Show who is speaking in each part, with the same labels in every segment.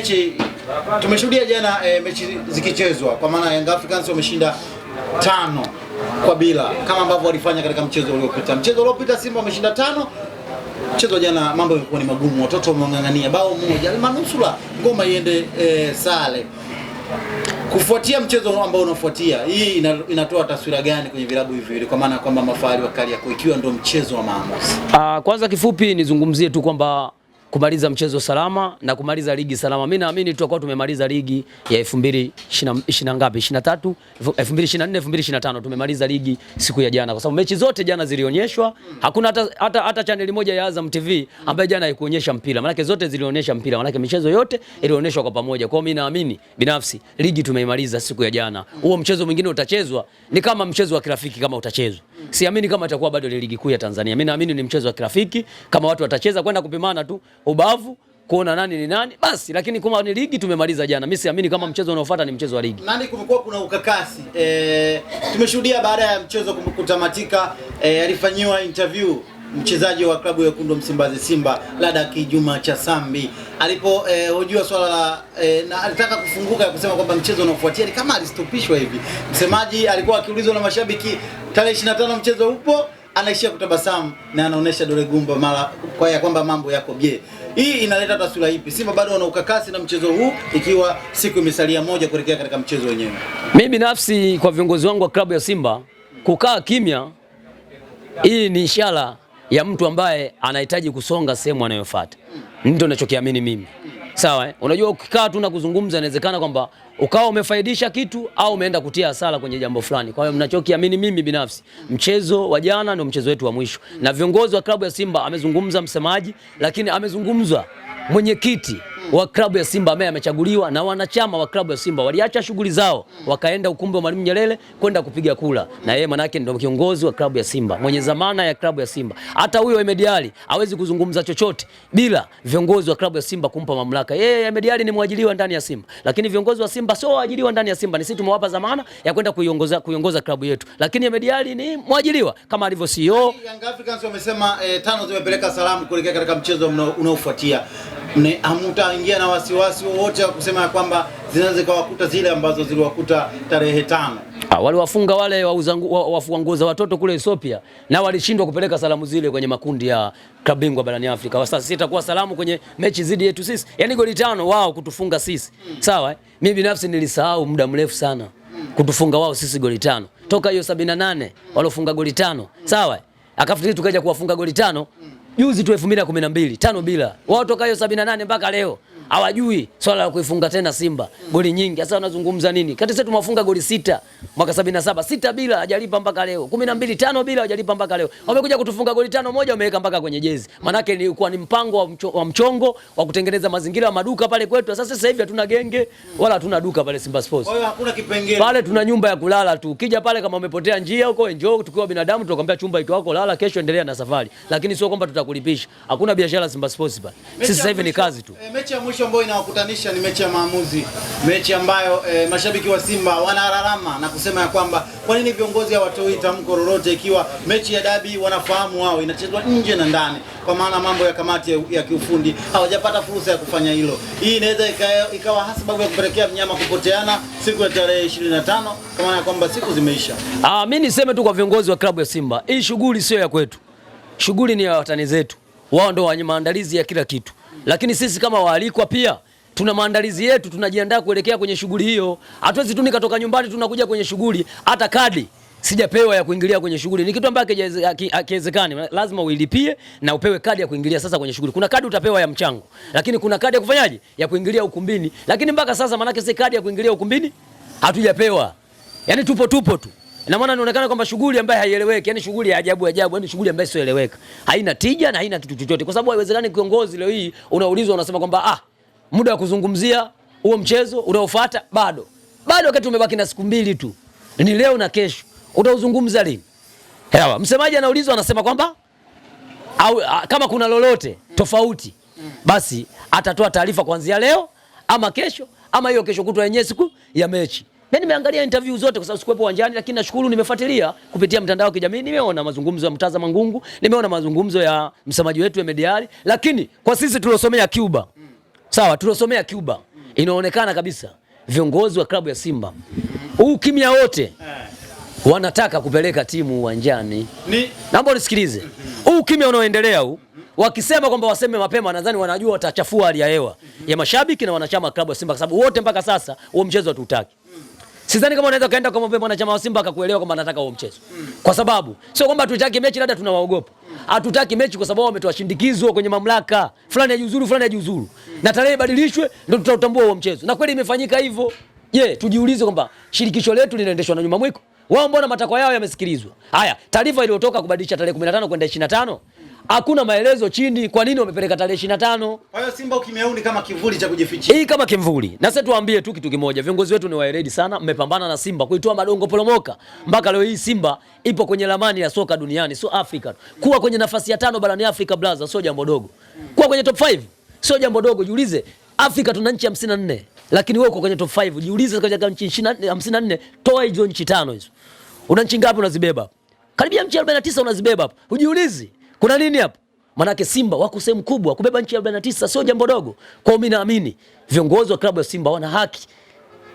Speaker 1: mechi tumeshuhudia jana e, mechi zikichezwa kwa maana Young Africans wameshinda tano kwa bila kama ambavyo walifanya katika mchezo uliopita. Mchezo uliopita Simba wameshinda tano, mchezo jana mambo yalikuwa ni magumu, watoto wameng'ang'ania bao moja manusura ngoma iende e, sale kufuatia mchezo ambao unafuatia, hii inatoa taswira gani kwenye vilabu hivi viwili, kwa maana kwamba Mafahali wakali Kariakoo ikiwa ndio mchezo wa maamuzi?
Speaker 2: Uh, kwanza kifupi nizungumzie tu kwamba kumaliza mchezo salama na kumaliza ligi salama. Mimi naamini tutakuwa tumemaliza ligi ya 2020 ngapi? 23, 2024, 2025 tumemaliza ligi siku ya jana, kwa sababu mechi zote jana zilionyeshwa. Hakuna hata, hata, hata channel moja ya Azam TV ambayo jana haikuonyesha mpira, Maana zote zilionyesha mpira, Maana michezo yote ilionyeshwa kwa pamoja. Kwa hiyo mimi naamini binafsi ligi tumeimaliza siku ya jana. Huo mchezo mwingine utachezwa ni kama mchezo wa kirafiki, kama utachezwa, siamini kama itakuwa bado ligi kuu ya Tanzania. Mimi naamini ni mchezo wa kirafiki, kama watu watacheza kwenda kupimana tu ubavu kuona nani ni nani basi, lakini kama ni ligi tumemaliza jana. Mimi siamini kama mchezo unaofuata ni mchezo wa ligi.
Speaker 1: Nani kumekuwa kuna ukakasi e, tumeshuhudia baada ya mchezo kutamatika e, alifanyiwa interview mchezaji wa klabu ya kundo Msimbazi Simba Lada Kijuma cha Sambi alipohojiwa e, swala la e, na alitaka kufunguka ya kusema kwamba mchezo unaofuatia ni kama alistopishwa hivi. Msemaji alikuwa akiulizwa na mashabiki tarehe 25 mchezo upo anaishia kutabasamu na anaonesha dole gumba mara kwa ya kwamba mambo yako bie. Hii inaleta taswira ipi? Simba bado wana ukakasi na mchezo huu, ikiwa siku imesalia moja kuelekea katika mchezo wenyewe.
Speaker 2: Mimi binafsi kwa viongozi wangu wa klabu ya Simba kukaa kimya, hii ni ishara ya mtu ambaye anahitaji kusonga sehemu anayofuata. Ndio ninachokiamini mimi. Sawa eh? Unajua ukikaa tu na kuzungumza inawezekana kwamba ukawa umefaidisha kitu au umeenda kutia hasara kwenye jambo fulani. Kwa hiyo mnachokiamini, mimi binafsi, mchezo wa jana ndio mchezo wetu wa mwisho. Na viongozi wa klabu ya Simba amezungumza msemaji, lakini amezungumzwa mwenyekiti Mm. wa klabu ya Simba ambaye amechaguliwa na wanachama wa klabu ya Simba waliacha shughuli zao wakaenda ukumbi wa Mwalimu Nyerere kwenda kupiga kula, na yeye manake ndio kiongozi wa klabu ya Simba, mwenye zamana ya klabu ya Simba. Hata huyo Ahmed Ally hawezi kuzungumza chochote bila viongozi wa klabu ya Simba kumpa mamlaka. Yeye Ahmed Ally ni mwajiliwa ndani ya Simba, lakini viongozi wa Simba sio waajiriwa ndani ya Simba, ni sisi tumewapa zamana ya kwenda kuiongoza kuiongoza klabu yetu, lakini Ahmed Ally ni mwajiliwa kama alivyo CEO. Young
Speaker 1: Africans wamesema eh, tano zimepeleka salamu kuelekea katika mchezo unaofuatia hamutaingia na wasiwasi wowote wa kusema ya kwamba zinaweza kawakuta zile ambazo ziliwakuta tarehe tano.
Speaker 2: Ah, waliwafunga wale wafua nguo za watoto kule Ethiopia, na walishindwa kupeleka salamu zile kwenye makundi ya klabu bingwa barani Afrika. Sasa sisi itakuwa salamu kwenye mechi zidi yetu sisi, yaani goli tano wao kutufunga sisi mm. Sawa eh? Mimi binafsi nilisahau muda mrefu sana mm. kutufunga wao sisi goli tano toka hiyo 78 mm. walofunga goli tano mm. sawa, eh? akafikiri tukaja kuwafunga goli tano mm juzi tu elfu na kumi na mbili tano bila wao toka hiyo sabini na nane mbaka leo hawajui swala la kuifunga tena Simba goli nyingi. Sasa wanazungumza nini? Kati sasa tumewafunga goli sita mwaka 77, sita bila hajalipa mpaka leo, 12 tano bila hajalipa mpaka leo. Wamekuja kutufunga goli tano moja, wameweka mpaka kwenye jezi. Manake ni kwa ni mpango wa, mcho, wa mchongo wa kutengeneza mazingira ya maduka pale kwetu. Sasa sasa hivi hatuna genge wala hatuna duka pale Simba Sports. Kwa
Speaker 1: hiyo hakuna kipengele
Speaker 2: pale, tuna nyumba ya kulala tu. Ukija pale kama umepotea njia huko, enjoy. Tukiwa binadamu tunakwambia chumba iko wako, lala, kesho endelea na safari, lakini sio kwamba tutakulipisha. Hakuna biashara Simba Sports pale. Sisi sasa hivi ni kazi tu.
Speaker 1: E, mechi ya mwisho kesho ambayo inawakutanisha ni mechi ya maamuzi, mechi ambayo e, mashabiki wa Simba wanalalama na kusema ya kwamba kwa nini viongozi hawatoi tamko lolote, ikiwa mechi ya dabi wanafahamu wao inachezwa nje na ndani, kwa maana mambo ya kamati ya, ya kiufundi hawajapata fursa ya kufanya hilo. Hii inaweza ikawa sababu ya kupelekea mnyama kupoteana siku ya tarehe 25 kwa maana ya kwamba siku zimeisha.
Speaker 2: Ah, mimi niseme tu kwa viongozi wa klabu ya Simba, hii shughuli sio ya kwetu, shughuli ni ya watani zetu, wao ndio wenye maandalizi ya kila kitu lakini sisi kama waalikwa pia tuna maandalizi yetu, tunajiandaa kuelekea kwenye shughuli hiyo. Hatuwezi tu nikatoka nyumbani tunakuja kwenye shughuli, hata kadi sijapewa ya kuingilia kwenye shughuli. Ni kitu ambacho hakiwezekani, lazima uilipie na upewe kadi ya kuingilia sasa kwenye shughuli. Kuna kadi utapewa ya mchango, lakini kuna kadi ya kufanyaje, ya kuingilia ukumbini. Lakini mpaka sasa, maanake si kadi ya kuingilia ukumbini hatujapewa, yani tupo tupo tu na maana inaonekana kwamba shughuli ambayo haieleweki, yani shughuli ya ajabu ajabu, yani shughuli ambayo isioeleweka, haina tija na haina kitu chochote, kwa sababu haiwezekani kiongozi leo hii unaulizwa unasema kwamba ah, muda wa kuzungumzia huo mchezo unaofuata bado bado, wakati umebaki na siku mbili tu, ni leo na kesho, utauzungumza lini? Hewa msemaji anaulizwa anasema kwamba au a, kama kuna lolote tofauti, basi atatoa taarifa kuanzia leo ama kesho ama hiyo kesho kutwa yenyewe siku ya mechi. Mimi yaani nimeangalia interview zote kwa sababu sikuwepo uwanjani, lakini nashukuru nimefuatilia kupitia mtandao wa kijamii, nimeona mazungumzo ya Mtaza Mangungu, nimeona mazungumzo ya msemaji wetu Ahmed lakini kwa sisi tuliosomea Cuba. Sawa, tuliosomea Cuba. Inaonekana kabisa viongozi wa klabu ya Simba huu kimya wote wanataka kupeleka timu uwanjani. Naomba nisikilize. Huu kimya unaoendelea huu wakisema kwamba waseme mapema, nadhani wanajua watachafua hali ya hewa ya mashabiki na wanachama wa klabu ya Simba kwa sababu wote mpaka sasa huo mchezo hatutaki. Sidhani kama unaweza kaenda kama kumwambia mwanachama wa Simba akakuelewa kwamba anataka huo mchezo. Kwa sababu sio kwamba hatutaki mechi, labda tunawaogopa. Hatutaki mechi kwa sababu wametoa shindikizo kwenye mamlaka. Fulani ajiuzuru, fulani ajiuzuru. Na tarehe ibadilishwe ndio tutautambua huo mchezo. Na kweli imefanyika hivyo. Je, yeah, tujiulize kwamba shirikisho letu linaendeshwa na nyuma mwiko? Wao mbona matakwa yao yamesikilizwa? Haya, taarifa iliyotoka kubadilisha tarehe 15 kwenda 25 hakuna maelezo chini, kwa nini wamepeleka tarehe 25? Kwa
Speaker 1: hiyo Simba ukimeuni kama kivuli cha kujifichia.
Speaker 2: Hii kama kivuli. Na sasa tuambie tu kitu kimoja, viongozi wetu ni waeredi sana, mmepambana na Simba kuitoa madongo poromoka mpaka leo hii Simba ipo kwenye ramani ya soka duniani, sio Afrika. Kuwa kwenye nafasi ya tano barani Afrika blaza, sio jambo dogo. Kuwa kwenye top 5 sio jambo dogo, jiulize. Afrika tuna nchi 54 lakini wewe uko kwenye top 5, jiulize katika nchi 54 toa hizo nchi tano hizo. Una nchi ngapi unazibeba? Karibia nchi 49 unazibeba hapo. Ujiulize. Kuna nini hapo? Manake Simba wako sehemu kubwa, kubeba nchi ya 49 sio jambo dogo. Kwa mimi naamini viongozi wa klabu ya Simba wana haki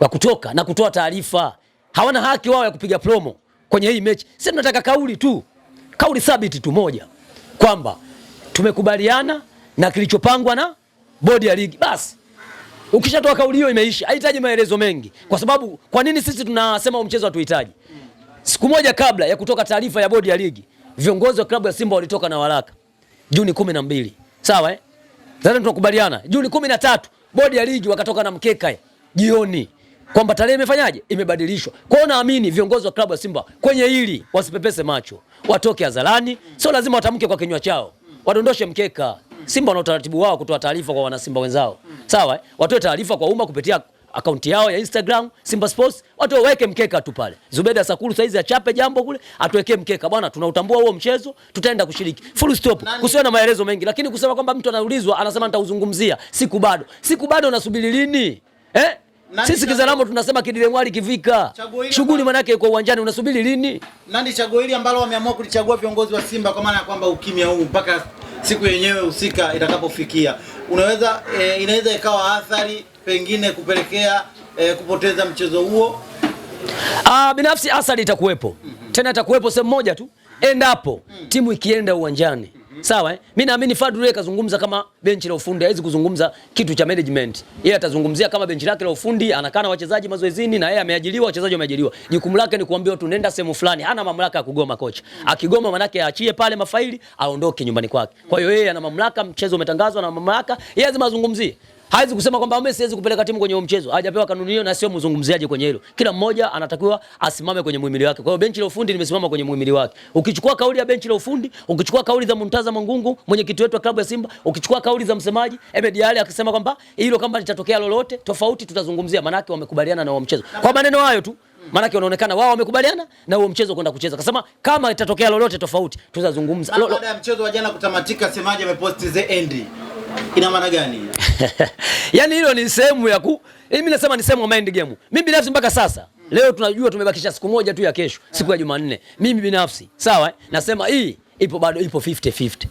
Speaker 2: ya kutoka na kutoa taarifa. Hawana haki wao ya kupiga promo kwenye hii mechi. Sisi tunataka kauli tu, kauli thabiti tu moja, kwamba tumekubaliana na kilichopangwa na bodi ya ligi. Basi ukishatoa kauli hiyo imeisha, haihitaji maelezo mengi, kwa sababu kwa nini sisi tunasema mchezo hatuhitaji? Siku moja kabla ya kutoka taarifa ya bodi ya ligi viongozi wa klabu ya Simba walitoka na waraka Juni kumi na mbili, sawa eh? Sasa tunakubaliana Juni kumi na tatu bodi ya ligi wakatoka na mkeka eh, jioni kwamba tarehe imefanyaje, imebadilishwa. Kwa hiyo naamini viongozi wa klabu ya Simba kwenye hili wasipepese macho, watoke hadharani, sio lazima watamke kwa kinywa chao, wadondoshe mkeka. Simba wana utaratibu wao kutoa taarifa kwa wanasimba wenzao, sawa eh? Watoe taarifa kwa umma kupitia akaunti yao ya Instagram Simba Sports, watu waweke mkeka tu pale. Zubeda Sakuru saizi achape jambo kule, atuwekee mkeka bwana, tunautambua huo mchezo, tutaenda kushiriki full stop, kusiwe na maelezo mengi. Lakini kusema kwamba mtu anaulizwa anasema nitauzungumzia siku bado, siku bado, nasubiri lini eh? Nani sisi kizalamo tunasema kidilengwali kivika shughuli manake iko uwanjani, unasubiri lini?
Speaker 1: Nani chaguo hili ambalo wameamua kulichagua viongozi wa Simba, kwa maana ya kwamba ukimya huu mpaka siku yenyewe husika itakapofikia, unaweza e, inaweza ikawa athari pengine kupelekea eh, kupoteza mchezo huo?
Speaker 2: Ah, binafsi athari itakuwepo mm -hmm. Tena itakuwepo sehemu moja tu endapo mm -hmm. timu ikienda uwanjani mhm. Sawa eh? Mimi naamini Fadlu kazungumza kama benchi la ufundi, hawezi kuzungumza kitu cha management. Yeye atazungumzia kama benchi lake la ufundi, anakaa na wachezaji mazoezini na yeye ameajiliwa, wachezaji wameajiliwa. Jukumu lake ni kuambia tu nenda sehemu fulani, hana mamlaka ya kugoma kocha. Mhm. Akigoma manake aachie pale mafaili, aondoke nyumbani kwake. Kwa hiyo yeye ana mamlaka, mchezo umetangazwa na mamlaka, yeye lazima azungumzie hawezi kusema kwamba Messi hawezi kupeleka timu kwenye mchezo, hajapewa kanuni hiyo na sio mzungumziaje kwenye hilo. Kila mmoja anatakiwa asimame kwenye muhimili wake. Kwa hiyo benchi la ufundi limesimama kwenye muhimili wake. Ukichukua kauli ya benchi la ufundi, ukichukua kauli za Muntaza Mangungu, mwenyekiti wetu wa klabu ya Simba, ukichukua kauli za msemaji Ahmed Ally akisema kwamba hilo kama litatokea lolote tofauti tutazungumzia, manake wamekubaliana na huo mchezo. Kwa maneno hayo tu maanake wanaonekana wao wamekubaliana na huo mchezo kwenda kucheza. Kasema kama itatokea lolote tofauti tutazungumza.
Speaker 1: Baada ya mchezo wa jana kutamatika, semaji ameposti the end Ina maana gani?
Speaker 2: Yaani hilo ni sehemu ya ku eh, mimi nasema ni sehemu ya mind game. Mimi binafsi mpaka sasa leo tunajua tumebakisha siku moja tu ya kesho, siku ya Jumanne. Mimi binafsi, sawa? Eh, nasema hii ipo bado ipo 50 50.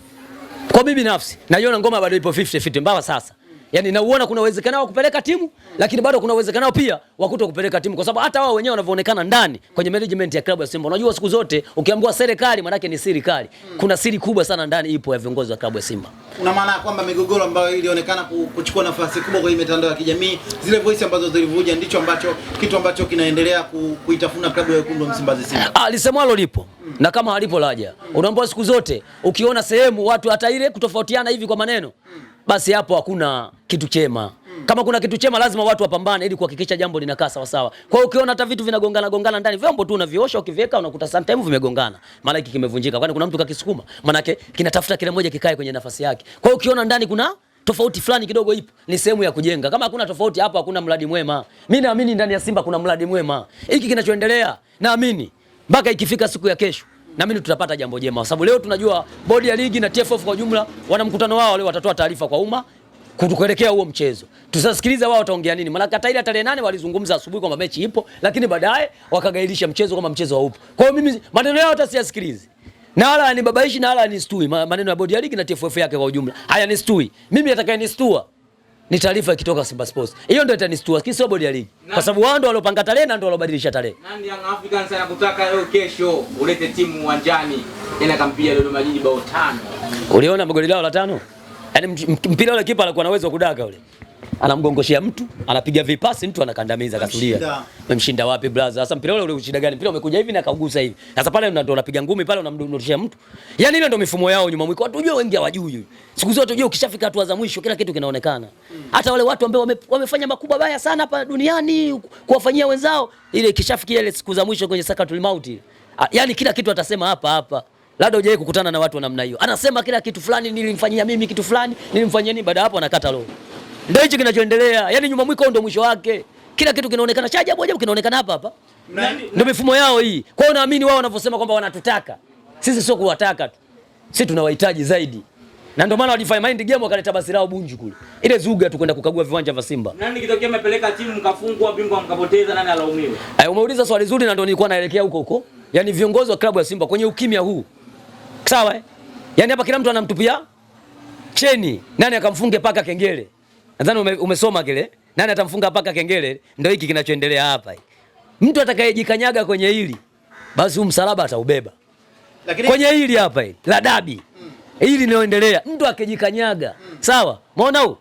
Speaker 2: Kwa mimi binafsi naiona ngoma bado ipo 50 50 mpaka sasa. Yaani nauona kuna uwezekano wa kupeleka timu lakini bado kuna uwezekano pia wa kuto kupeleka timu kwa sababu hata wao wenyewe wanavyoonekana ndani kwenye management ya klabu ya Simba. Unajua siku zote ukiambiwa serikali maana yake ni siri kali. Hmm. Kuna siri kubwa sana ndani ipo ya viongozi wa klabu ya Simba.
Speaker 1: Una maana kwamba migogoro ambayo ilionekana kuchukua nafasi kubwa kwenye mitandao ya kijamii, zile voice ambazo zilivuja ndicho ambacho kitu ambacho kinaendelea kuitafuna klabu ya Wekundu wa Msimbazi Simba.
Speaker 2: Ah, lisemwalo lipo. Hmm. Na kama halipo laja. Unaambiwa siku zote ukiona sehemu watu hata ile kutofautiana hivi kwa maneno. Mm basi hapo hakuna kitu chema. Kama kuna kitu chema, lazima watu wapambane ili kuhakikisha jambo linakaa sawa sawa. Kwa hiyo ukiona hata vitu vinagongana gongana ndani, vyombo tu unaviosha ukiviweka, unakuta sometimes vimegongana, maana hiki kimevunjika, kwani kuna mtu kakisukuma, maana yake kinatafuta kile moja kikae kwenye nafasi yake. Kwa hiyo ukiona ndani kuna tofauti fulani kidogo ipo, ni sehemu ya kujenga. Kama hakuna tofauti hapo, hakuna mradi mwema. Mimi naamini ndani ya Simba kuna mradi mwema. Hiki kinachoendelea naamini mpaka ikifika siku ya kesho mimi tutapata jambo jema, kwa sababu leo tunajua bodi ya ligi na TFF kwa jumla wana mkutano wao leo, watatoa taarifa kwa umma kuelekea huo mchezo. Tusasikiliza wao wataongea nini, maana kataili tarehe nane walizungumza asubuhi kwamba mechi ipo, lakini baadaye wakagairisha mchezo kwamba mchezo haupo. Kwa hiyo mimi maneno yao hata siyasikilizi na wala ni babaishi na wala ni stui maneno ya bodi ya ligi na TFF yake kwa ujumla haya ni stui. Mimi atakaye nistua ni taarifa ikitoka Simba Sports. Hiyo ndio itanistua, lakini sio bodi ya ligi, kwa sababu wao ndio waliopanga tarehe na ndio waliobadilisha tarehe.
Speaker 1: Nani Young Africans anakutaka leo kesho ulete timu uwanjani ina kampia Dodoma Jiji bao tano.
Speaker 2: Uliona magoli lao la tano? Yaani mpira ule kipa alikuwa na uwezo wa kudaka ule anamgongoshia mtu, anapiga vipasi mtu, anakandamiza kasulia. Umemshinda wapi brother? Sasa mpira ule ule gani? Mpira umekuja hivi na kaugusa hivi. Sasa pale ndo unapiga ngumi pale, unamdondoshia mtu. Yaani ile ndo mifumo yao nyuma mwiko. Watu jua wengi hawajui. Siku zote unajua ukishafika hatua za mwisho kila kitu kinaonekana. Hata wale watu ambao wame, wamefanya makubwa baya sana hapa duniani kuwafanyia wenzao, ile ikishafikia ile siku za mwisho kwenye sakatul mauti. Ah, yaani kila kitu atasema hapa hapa. Labda hujawahi kukutana na watu wa namna hiyo. Anasema kila kitu fulani nilimfanyia mimi kitu fulani, nilimfanyia nini, baada hapo anakata roho. Ndio hicho kinachoendelea, yaani nyuma mwiko ndio mwisho wake. Kila kitu kinaonekana cha ajabu ajabu, kinaonekana hapa hapa, ndio mifumo yao hii. Kwa hiyo naamini wao wanavyosema kwamba wanatutaka sisi, sio kuwataka tu, sisi tunawahitaji zaidi, na ndio maana walifanya mind game, wakaleta basi lao Bunju kule, ile zuga tu kwenda kukagua viwanja vya Simba.
Speaker 1: Nani kitokea amepeleka timu mkafungwa, bingwa mkapoteza, nani alaumiwe?
Speaker 2: Ai, umeuliza swali zuri, na ndio nilikuwa naelekea huko huko, yaani viongozi wa klabu ya Simba kwenye ukimya huu, sawa eh? Yaani hapa kila mtu anamtupia cheni, nani akamfunge paka kengele Nadhani ume, umesoma kile. Nani atamfunga paka kengele? Ndio hiki kinachoendelea hapa. Mtu atakayejikanyaga kwenye hili basi huyu msalaba ataubeba. Lakini kwenye hili hapa hili la dabi. Mm. Hili linaendelea. Mtu akijikanyaga. Mm. Sawa? Umeona huu?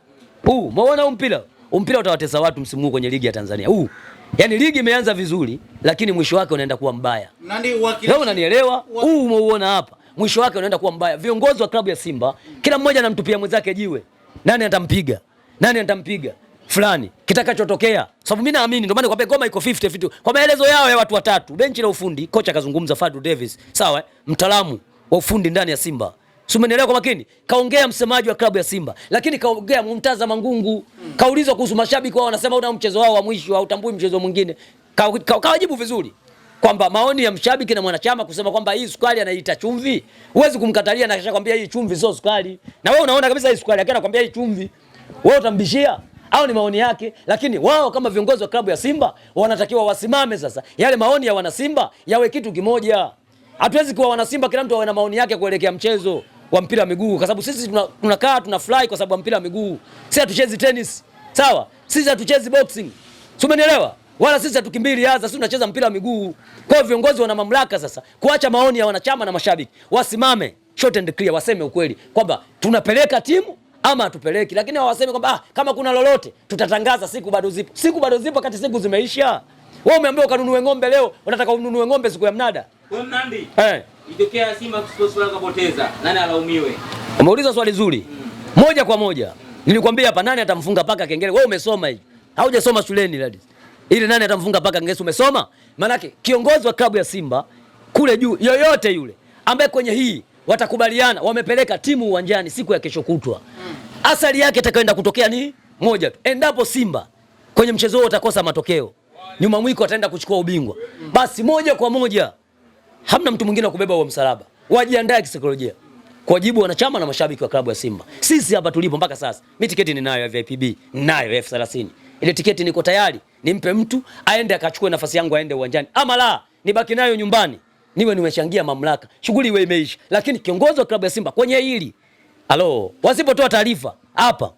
Speaker 2: Huu, umeona huu mpira? Mpira utawatesa watu msimu huu kwenye ligi ya Tanzania. Huu. Yaani ligi imeanza vizuri lakini mwisho wake unaenda kuwa mbaya.
Speaker 1: Nani wakili?
Speaker 2: Leo unanielewa? Huu umeuona hapa. Mwisho wake unaenda kuwa mbaya. Viongozi wa klabu ya Simba kila mmoja anamtupia mwenzake jiwe. Nani atampiga? nani nitampiga fulani kitakachotokea, sababu mimi naamini, ndio maana kwa Goma iko 50 vitu. kwa maelezo yao ya watu watatu, benchi la ufundi, kocha akazungumza, Fadlu Davis, sawa eh? mtaalamu wa ufundi ndani ya Simba Sumenelewa kwa makini, kaongea msemaji wa klabu ya Simba, lakini kaongea Mumtaza Mangungu, kaulizwa kuhusu mashabiki wao, wanasema una mchezo wao wa mwisho, hautambui mchezo mwingine, kawajibu vizuri kwamba maoni ya mshabiki na mwanachama kusema kwamba hii sukari anaita chumvi, huwezi kumkatalia na kisha kwambia hii chumvi sio sukari, na wewe unaona kabisa hii sukari, lakini anakuambia hii chumvi. Wewe utambishia au ni maoni yake, lakini wao kama viongozi wa klabu ya Simba wanatakiwa wasimame sasa. Yale maoni ya wanasimba yawe kitu kimoja. Hatuwezi kuwa wanasimba kila mtu awe na maoni yake kuelekea mchezo wa mpira wa miguu, kwa sababu sisi tunakaa tunafurahi kwa sababu ya mpira wa miguu. Sisi hatuchezi tennis, sawa? Sisi hatuchezi boxing, si umenielewa? Wala sisi hatukimbili Yanga, sisi tunacheza mpira wa miguu. Kwa hiyo viongozi wana mamlaka sasa kuacha maoni ya wanachama na mashabiki, wasimame short and clear, waseme ukweli kwamba tunapeleka timu ama tupeleki, lakini hawasemi kwamba ah, kama kuna lolote tutatangaza. Siku bado zipo, siku bado zipo, kati siku zimeisha. Wewe umeambiwa ukanunue ng'ombe leo, unataka ununue ng'ombe siku ya mnada.
Speaker 1: Wewe Mnandi, eh, itokea Simba Sports kapoteza, nani alaumiwe?
Speaker 2: Umeuliza swali zuri mm. moja kwa moja mm. Nilikwambia hapa, nani atamfunga paka kengele? Wewe umesoma hivi? haujasoma shuleni ladi ili nani atamfunga paka kengele? Umesoma Maana kiongozi wa klabu ya Simba kule juu, yoyote yule ambaye kwenye hii watakubaliana, wamepeleka timu uwanjani siku ya kesho kutwa, athari yake itakayoenda kutokea ni moja tu. Endapo Simba kwenye mchezo huo utakosa matokeo, nyuma mwiko ataenda kuchukua ubingwa, basi moja kwa moja hamna mtu mwingine wa kubeba huo msalaba. Wajiandae kisaikolojia kwa jibu wanachama na mashabiki wa klabu ya Simba. Sisi hapa tulipo mpaka sasa, mimi tiketi ninayo ya VIPB, ninayo F30. Ile tiketi niko tayari nimpe mtu aende akachukue nafasi yangu aende uwanjani, ama la nibaki nayo nyumbani niwe nimechangia mamlaka, shughuli iwe imeisha. Lakini kiongozi wa klabu ya Simba kwenye hili alo, wasipotoa taarifa hapa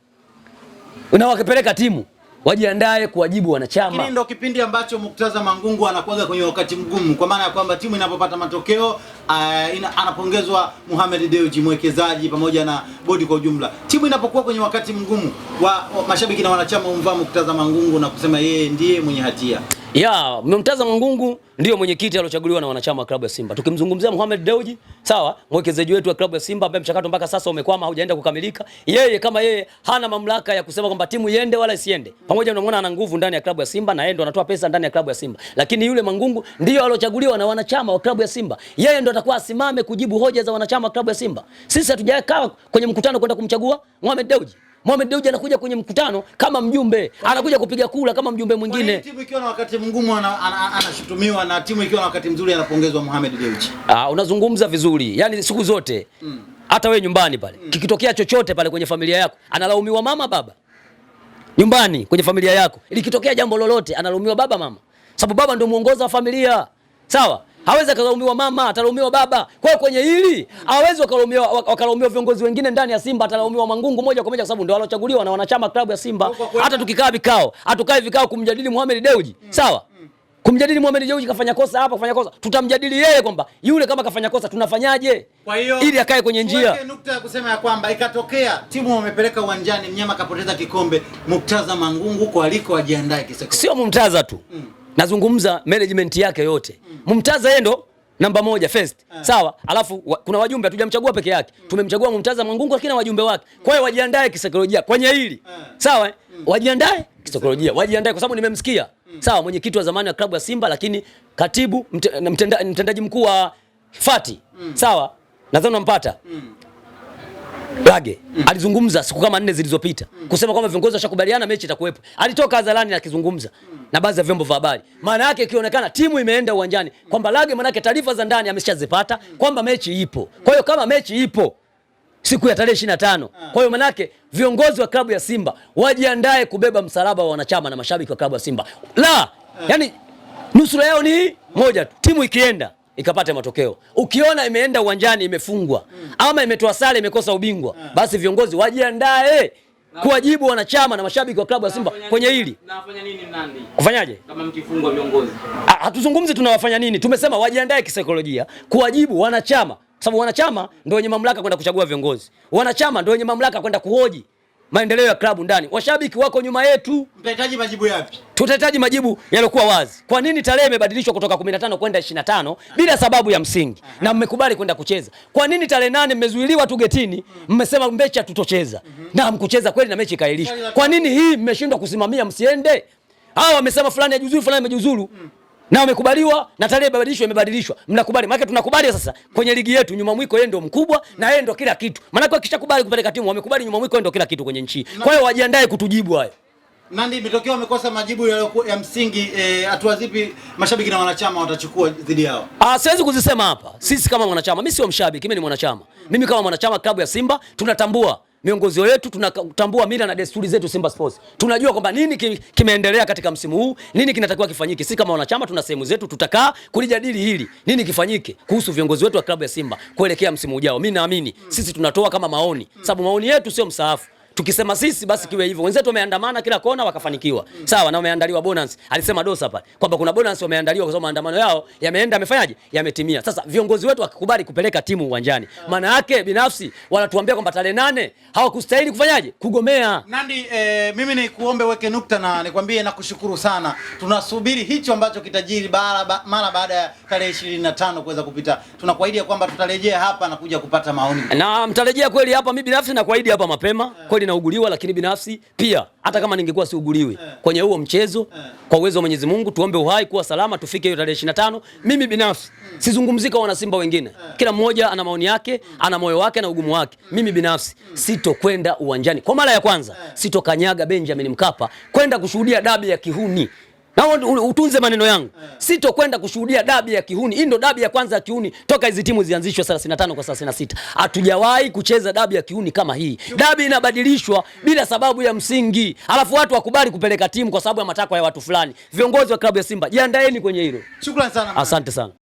Speaker 2: na wakipeleka timu wajiandae kuwajibu wanachama.
Speaker 1: Hili ndio kipindi ambacho Murtaza Mangungu anakuwaga kwenye wakati mgumu, kwa maana ya kwamba timu inapopata matokeo uh, ina, anapongezwa Mohamed Dewji mwekezaji pamoja na bodi kwa ujumla. Timu inapokuwa kwenye wakati mgumu wa, wa mashabiki na wanachama umvaa Murtaza Mangungu na kusema yeye ndiye mwenye hatia.
Speaker 2: Ya, mmemtaza Mangungu ndio mwenyekiti aliochaguliwa na wanachama wa klabu ya Simba. Tukimzungumzia Mohamed Deuji, sawa, mwekezaji wetu wa klabu ya Simba ambaye mchakato mpaka sasa umekwama haujaenda kukamilika. Yeye kama yeye hana mamlaka ya kusema kwamba timu iende wala isiende. Pamoja na mwana ana nguvu ndani ya klabu ya Simba na yeye ndo anatoa pesa ndani ya klabu ya Simba. Lakini yule Mangungu ndio aliochaguliwa na wanachama wa klabu ya Simba. Yeye ndo atakuwa asimame kujibu hoja za wanachama wa klabu ya Simba. Sisi hatujakaa kwenye mkutano kwenda kumchagua Mohamed Deuji. Mohamed Dewji anakuja kwenye mkutano kama mjumbe, anakuja kupiga kura kama mjumbe mwingine.
Speaker 1: Timu ikiwa na wakati mgumu anashutumiwa na timu ikiwa na wakati mzuri anapongezwa Mohamed Dewji.
Speaker 2: Ah, unazungumza vizuri, yaani siku zote hmm. hata wewe nyumbani pale hmm. kikitokea chochote pale kwenye familia yako analaumiwa mama, baba. Nyumbani kwenye familia yako likitokea jambo lolote analaumiwa baba, mama, sababu baba ndio muongoza wa familia, sawa hawezi akalaumiwa mama, atalaumiwa baba. Kwa hiyo kwenye hili hawezi wakalaumiwa viongozi wengine ndani ya Simba, atalaumiwa Mangungu moja kwa moja, kwa sababu ndio alochaguliwa na wanachama klabu ya Simba. Hata tukikaa vikao, hatukae vikao kumjadili Mohamed Dewji, mm. sawa mm. kumjadili Mohamed Dewji kafanya kosa hapa, kafanya kosa, tutamjadili yeye kwamba yule kama kafanya kosa tunafanyaje, kwa hiyo ili akae kwenye njia.
Speaker 1: Nukta ya kusema ya kwamba ikatokea timu wamepeleka uwanjani, mnyama kapoteza kikombe, Muktaza Mangungu kwa aliko ajiandae kisaikolojia,
Speaker 2: sio Muktaza tu mm nazungumza management yake yote. Mumtaza yeye ndo namba moja first. Eh. Sawa? Alafu wa, kuna wajumbe hatujamchagua peke yake. Mm. Tumemchagua Mumtaza Mwangungu lakini wajumbe wake. Mm. Kwa hiyo wajiandae kisaikolojia kwenye hili. Eh. Sawa? Eh? Mm. Wajiandae kisaikolojia. Wajiandae kwa sababu nimemsikia. Sawa, mwenyekiti wa zamani wa klabu ya Simba lakini katibu mte, mtenda, mtendaji mkuu wa Fati. Sawa? Nadhani unampata mm. alizungumza siku kama nne zilizopita kusema kwamba viongozi washakubaliana mechi itakuwepo. Alitoka hadharani akizungumza na baadhi ya vyombo vya habari. Maana yake ikionekana timu imeenda uwanjani kwamba Lage, maana yake taarifa za ndani ameshazipata kwamba mechi ipo. Kwa hiyo kama mechi ipo siku ya tarehe 25. Kwa hiyo maana yake viongozi wa klabu ya Simba wajiandae kubeba msalaba wa wanachama na mashabiki wa klabu ya Simba. La, eh. yani nusura yao ni moja tu, timu ikienda ikapata matokeo. Ukiona imeenda uwanjani imefungwa ama imetoa sare imekosa ubingwa, eh. basi viongozi wajiandae kuwajibu wanachama na mashabiki wa klabu ya Simba kwenye hili. Kufanyaje?
Speaker 1: Kama mkifungwa viongozi,
Speaker 2: ah, hatuzungumzi tunawafanya nini, tumesema wajiandae kisaikolojia kuwajibu wanachama, sababu wanachama ndio wenye mamlaka kwenda kuchagua viongozi, wanachama ndio wenye mamlaka kwenda kuhoji maendeleo ya klabu ndani. Washabiki wako nyuma yetu.
Speaker 1: Tutahitaji majibu yapi?
Speaker 2: Tutahitaji majibu yaliokuwa wazi. Kwa nini tarehe imebadilishwa kutoka 15 kwenda 25 bila sababu ya msingi? Aha. Na mmekubali kwenda kucheza. Kwa nini tarehe nane mmezuiliwa tu getini? Mmesema mechi hatutocheza. Mm -hmm. Na mkucheza kweli na mechi ikaahirishwa. Kwa nini hii mmeshindwa kusimamia msiende? Hawa wamesema fulani ajiuzuru, fulani amejuzuru. Hmm na umekubaliwa na tarehe imebadilishwa, imebadilishwa, mnakubali. Maana tunakubali sasa kwenye ligi yetu, nyuma mwiko yeye ndio mkubwa na yeye ndio kila kitu. Maana kwa kisha kubali kupeleka timu, wamekubali nyuma mwiko yeye ndio kila kitu kwenye nchi. Kwa hiyo wajiandae kutujibu hayo.
Speaker 1: Nandi, imetokea wamekosa majibu ya, ya msingi. Eh, hatua eh, zipi mashabiki na wanachama watachukua dhidi yao?
Speaker 2: Ah, siwezi kuzisema hapa. Sisi kama wanachama, mimi sio mshabiki, mimi ni mwanachama. Mimi kama mwanachama klabu ya Simba tunatambua miongozi wetu tunatambua mila na desturi zetu Simba Sports. Tunajua kwamba nini kimeendelea katika msimu huu, nini kinatakiwa kifanyike. Sisi kama wanachama tuna sehemu zetu, tutakaa kulijadili hili, nini kifanyike kuhusu viongozi wetu wa klabu ya Simba kuelekea msimu ujao. Mimi naamini sisi tunatoa kama maoni, sababu maoni yetu sio msaafu. Tukisema sisi basi kiwe hivyo. Wenzetu wameandamana kila kona wakafanikiwa. Sawa na wameandaliwa bonus. Alisema Dosa pale kwamba kuna bonus wameandaliwa kwa sababu maandamano yao yameenda yamefanyaje? Yametimia. Sasa viongozi wetu wakikubali kupeleka timu uwanjani. Ah. Maana yake binafsi wanatuambia kwamba tarehe nane hawakustahili kufanyaje? Kugomea.
Speaker 1: Nandi, eh, mimi ni kuombe weke nukta na nikwambie na kushukuru sana. Tunasubiri hicho ambacho kitajiri ba, mara baada ya tarehe 25 kuweza kupita. Tunakuahidi kwamba tutarejea hapa na kuja kupata maoni.
Speaker 2: Na mtarejea kweli hapa, mimi binafsi nakuahidi hapa mapema. Eh. Kweli nauguliwa, lakini binafsi pia hata kama ningekuwa siuguliwi eh. kwenye huo mchezo, eh. kwa uwezo wa Mwenyezi Mungu tuombe uhai, kuwa salama, tufike hiyo tarehe 25. Mimi binafsi hmm. sizungumzika wana Simba wengine, eh. kila mmoja ana maoni yake, hmm. ana moyo wake na ugumu wake. Hmm. Mimi binafsi sitokwenda uwanjani kwa mara ya kwanza, sitokanyaga Benjamin Mkapa kwenda kushuhudia dabi ya kihuni na utunze maneno yangu, sitokwenda kushuhudia dabi ya kihuni. Hii ndo dabi ya kwanza ya kihuni toka hizi timu zianzishwe 35 kwa 36, hatujawahi kucheza dabi ya kihuni kama hii. Dabi inabadilishwa bila sababu ya msingi, alafu watu wakubali kupeleka timu kwa sababu ya matakwa ya watu fulani. Viongozi wa klabu ya Simba, jiandaeni kwenye hilo. Shukrani sana, asante sana.